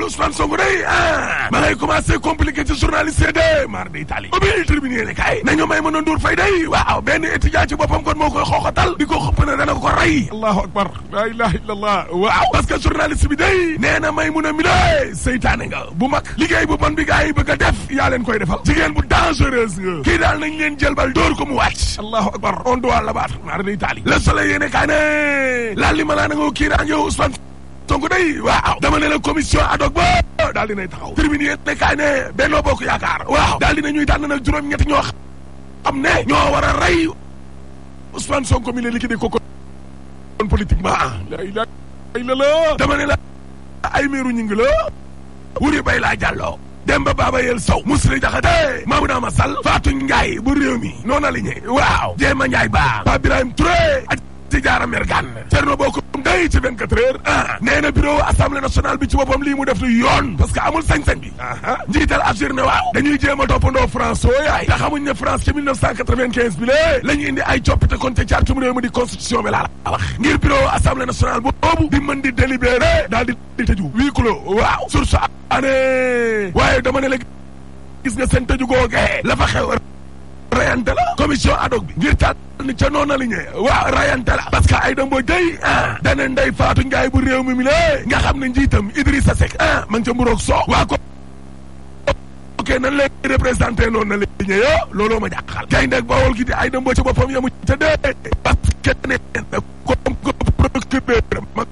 wàllu Ousmane Sonko day ah ma ngay commencé compliqué ci journaliste yi de mar d' Italie ubbil tribune yéene kaay nañu may mën a nduur fay day waaw benn étudiant ci boppam kon moo koy xooxatal di ko xëpp ne dana ko rey allahu akbar la ilaha illallah waaw parce que journaliste bi day nee na may mun a mi de seytaane nga bu mag liggéey bu bon bi gars yi bëgg a def yaa leen koy defal jigéen bu dangereuse nga kii daal nañ leen jël bal dóor ko mu wàcc allahu akbar on doit l'abattre mar d' Italie le soleil yéene kaay ne laal li ma laa na nga kii naa ngi Ousmane Sonko day waaw dama ne la commission ad hoc ba daal dinay taxaw terminé yéen ne kaay ne Benno Bokk Yaakaar waaw daal dina ñuy daan na juróom ñetti ñoo xam ne ñoo war a rey Ousmane Sonko mi ne liquidé ko kon politiquement ah, la ilaha illallah dama ne la ay meeru ñu ngi la wuri bay laa jàlloo Demba Baba Yel Sow Mousri Diakhaté Mamouna Massal Fatou Ndiaye bu réew mi noona la ñe waaw Jéema Ndiaye Ba Pape Birahim Touré ak ci jaara mergan Thierno Bokk day ci 24 heures ah nee na bureau assemblée bi ci boppam lii mu def lu yoon parce que amul sañ-sañ bi aa njiital Algérie ne waaw dañuy jéem a toppandoo France soo oh, yaay te xamuñ ne France ci 1995 bi lée la indi ay coppite kon ca cartum réew mi di constitution bi laa la wax ngir bureau assemblée nationale boobu di mën di délibéré daal di di tëju huis clos waaw source année waaye dama ne la gis nga seen tëju googee la fa xew rayante la commission ad hoc bi ngir tat ni ca noona li ñee waaw rayante la parce que ay damboo day ah dane faatu njaay bu réew mi mi nga xam ne njiitam Idrissa Seck ah ma ngi ca mburoog soo waa ko ok nan lay représenté noonu na li ñee looloo ma jàqal gay ndeg bawol gi di ay damboo ci boppam yamu ca dee parce que ne comme que procureur ma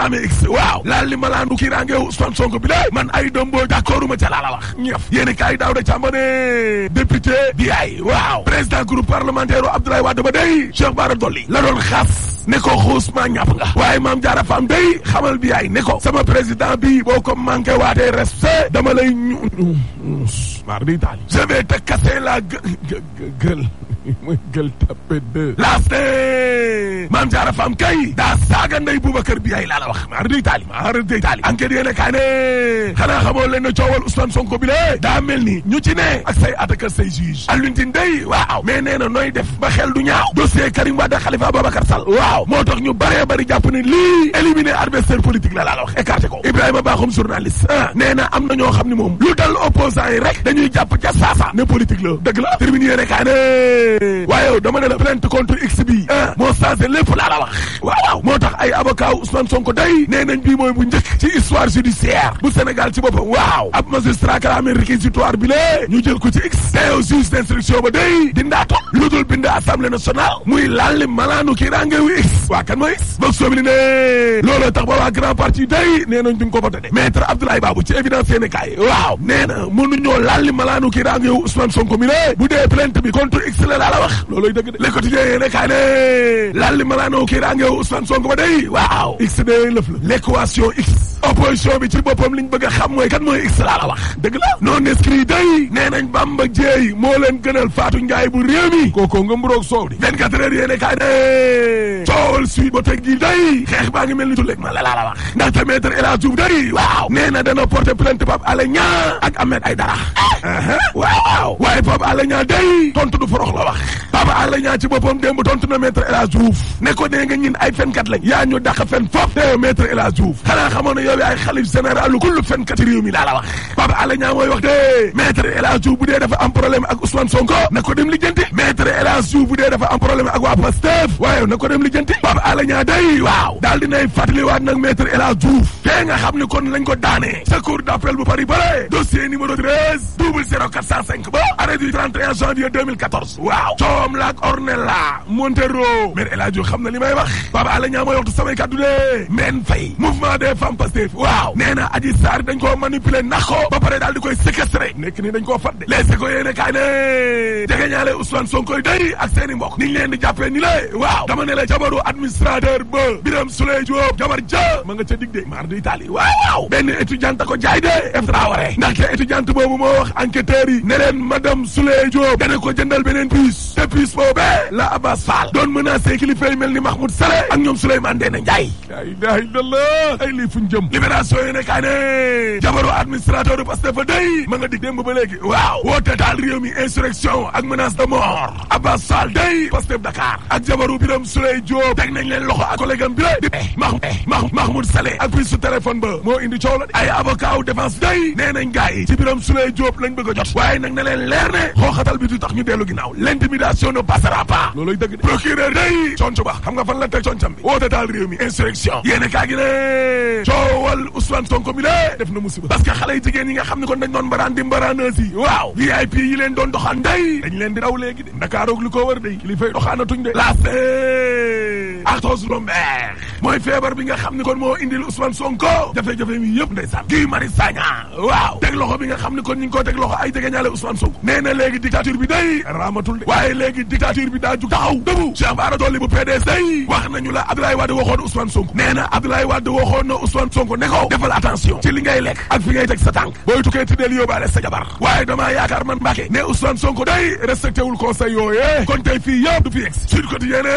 Dramé X waaw laal li malaandu kiiraange Ousmane Sonko bi la man ay dëmboo d'accorduma ca laa la wax ñëf yéeni kaay daaw da càmbane député di ay waaw président groupe parlementaire u Abdoulaye Wade ba day Cheikh Bara Dolly la doon xas ne ko xuus maa waaye maam jaara faam day xamal bi ay ne sama président bi boo ko manqué waatee respect dama lay ñu maar di daal je vais te casser la gueule mooy gël tapé de laaste maam jaara faam kay daa saaga ndey Boubacar bi ay laa la wax maar day taali maar day taali enquête yéene kaa ne xanaa xamoo leen ne coowal Ousmane Sonko bi le daa mel ni ñu ci ne ak say attaque say juge alluntin day waaw mais nee na def ba xel du ñaaw dossier Karim Wade Khalifa Babacar Sall waaw moo tax ñu baree bari jàpp ne lii éliminer adversaire politique la laa la wax écarté ko Ibrahima Bakhoum journaliste ah am na ñoo xam ne moom lu dal opposant yi jàpp ca saasa ne politique la dëgg la terminé yéene waaye dama ne la plainte contre x bi ah moo changé lépp laa la wax waaw waaw moo tax ay avocat Ousmane Sonko day nee nañ bii mooy bu njëkk ci histoire judiciaire bu Sénégal ci boppam waaw ab magistrat clamé réquisitoire bi lée ñu jël ko ci x teyow juge d'instruction ba day dindaato lu dul bind assemblée nationale muy laalli malaanu kii rangewu x waa kan mooy x boog soobi li ne looloo tax ba grand parti day nee nañ duñ ko voté de maître Abdoulaye ci évidence yéene laa la wax loolooy dëgg de Le Quotidien yéene laal li malaanoo kii raangeew Ousmane Sonko ba day waaw x de lëf la bi ci boppam liñ bëgg a xam mooy kan mooy x laa la wax dëgg la non inscrit day nee Bamba Dieye moo leen gënal Fatou Ndiaye bu réew mi kookoo nga mburoog soow di 24 heures yéene kaay ne coowal suite ba teg gi day xeex baa ngi mel ni tulleeg ma la a la wax ndaxte maître El Hadj Diouf day waaw nee na dana porter plainte Pape Alé Niang ak Ahmed Aïdara ah. waaw waaye wax Pape Alé Niang ci boppam démb tontu na maître El Hadj ne ko nee nga ñin ay fenkat lañ yaa ñu dàq fen foof te maître El Hadj Diouf xanaa xamoon ne yow yaay xalif général lu kullu fenkat ci réew mi wax Pape Alé Niang mooy wax de maître El Hadj bu dee dafa am problème ak Ousmane Sonko na ko dem lijjanti maître El Hadj Diouf bu dee dafa am problème ak waa Pastef waaye na ko dem lijjanti Pape Alé Niang day waaw daal dinay fàttaliwaat nag maître El Hadj Diouf te nga Ngom la ak Ornella Montero maire El Hadji xam na li may wax Baba Alla Niang mooy waxtu samay kàddu de men fay mouvement des femmes Pastef waaw nee na Adji Sarr dañ koo manipuler nax ko ba pare daal di koy séquestrer nekk nii dañ koo fat de les ko yéene kaay ne jegeñaale Ousmane Sonko yi day ak seen i mbokk niñ leen di jàppee ni lé waaw dama ne la jabaru administrateur ba Birame Souleye Diop jabar ja ma nga ca dig de mar di Italie waaw benn étudiante ko jaay de Traoré ndaxte étudiante boobu moo bis boobee la Abbas Fall doon menacé kilifa yi mel ni Mahmoud Saleh ak ñoom Souleymane Ndéné Ndiaye la ilaha ay lii fuñ jëm libération ne kaa jabaru administrateur bu Pastef day ma nga dig démb ba léegi waaw woote daal réew mi ak menace de mort Abbas Fall day Pastef Dakar ak jabaru Birame Souleye Diop teg nañ leen loxo ak collègue am bi la di eh, Mahmoud eh, Mahmoud Saleh ak prise su téléphone ba moo indi la ay avocat wu défense day nee nañ gars ci Birame Souleye Diop lañ bëgg a jot on ne passera pas looloy dëgg de procureur day conc ba xam nga fan la teg concam bi woote daal mi insurrection yéene kaa gi coowal Ousmane Sonko mi lée def na musiba parce xale yi jigéen nga xam ne kon dañ doon mbaraan di mbaraanaas yi waaw VIP yi leen doon doxaan day dañ leen di raw mooy feebar bi nga xam ne kon moo indil Ousmane Sonko jafe-jafe mi yëpp ndeysaan Guy Marius Sagna waaw teg loxo bi nga xam ne kon ñu ngi ko teg loxo ay jegeñaale Ousmane Sonko nee na léegi bi day raamatul bi daa jug taxaw dëggu Cheikh Bara Dolly bu PDS day wax nañu la Abdoulaye Wade waxoon Ousmane Sonko nee na Abdoulaye Wade ko defal attention ci li ngay lekk ak fi ngay teg sa tànk booy tukkee tuddeel yóbbaale sa jabar waaye damaa yaakaar man Mbàkke ne Ousmane Sonko day respecté wul yooye kon tey fii yëpp du fi yegg si Sud Quotidien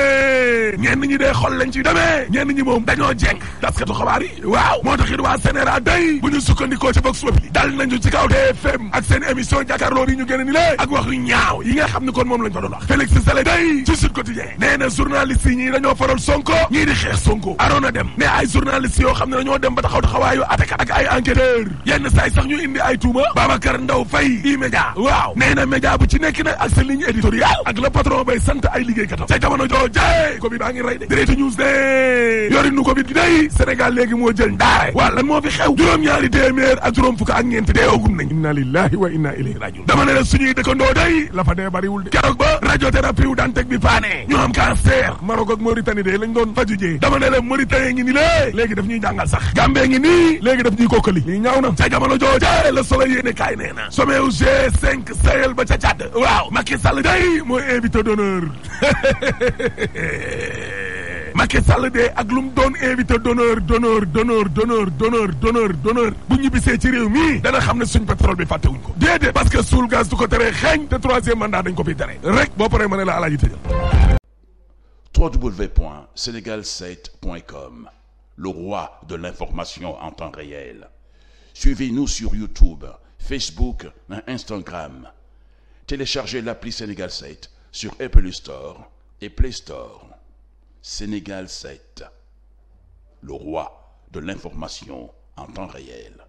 ñenn ñi dee xol lañ ci demee nit ñi moom dañoo jeng taskatu xabaar yi waaw moo tax it waa Sénégal day bu ñu sukkandikoo ci Vox Populi dal nañu ci kaw TFM ak seen émission jàkkaarloo yi ñu génn ni lée ak wax yu ñaaw yi nga xam ne kon moom lañ fa doon wax Félix Salé day ci Sud Quotidien nee na journalistes yi ñii dañoo Sonko ñii xeex Sonko aroon a dem ne ay journalistes yoo xam ne dañoo dem ba taxaw taxawaayu ak ay enquêteur yenn saay sax ñu indi ay tuuma Babacar Ndaw Faye i média waaw yorinu Covid bi day Sénégal léegi moo jël ndaare waa lan moo fi xew juróom-ñaari téeméer ak juróom fukk ak ñeenti deewagum nañ inna lillahi wa inna ilayhi rajiun dama ne la suñuy dëkkandoo day la fa dee bariwul de keroog ba radiothérapie wu daan teg bi paane ñu am cancer Maroc ak Mauritanie day lañ doon faju jee dama ne la Mauritanie ngi ni lée léegi daf ñuy jàngal sax Gambie ngi nii léegi daf ñuy kokkali lii ñaaw na sa jamono jooje la solo yéene kaay nee na sommet u G5 Sahel ba ca Tchad waaw Macky Sall day mooy invité d'honneur Macky Sall de ak lu mu invité d'honneur d'honneur d'honneur d'honneur d'honneur d'honneur d'honneur bu ñibbisee ci réew mii dana xam ne suñ pétrole bi fàttewuñ ko déedéet parce que suul ko teree xeeñ te ko fiy tere boo paree ma ne la alaaji tëjal www.senegal7.com le roi de l'information en temps réel suivez-nous sur YouTube Facebook Instagram téléchargez l'appli Sénégal 7 sur Apple Store et Play Store Sénégal 7, le roi de l'information en temps réel.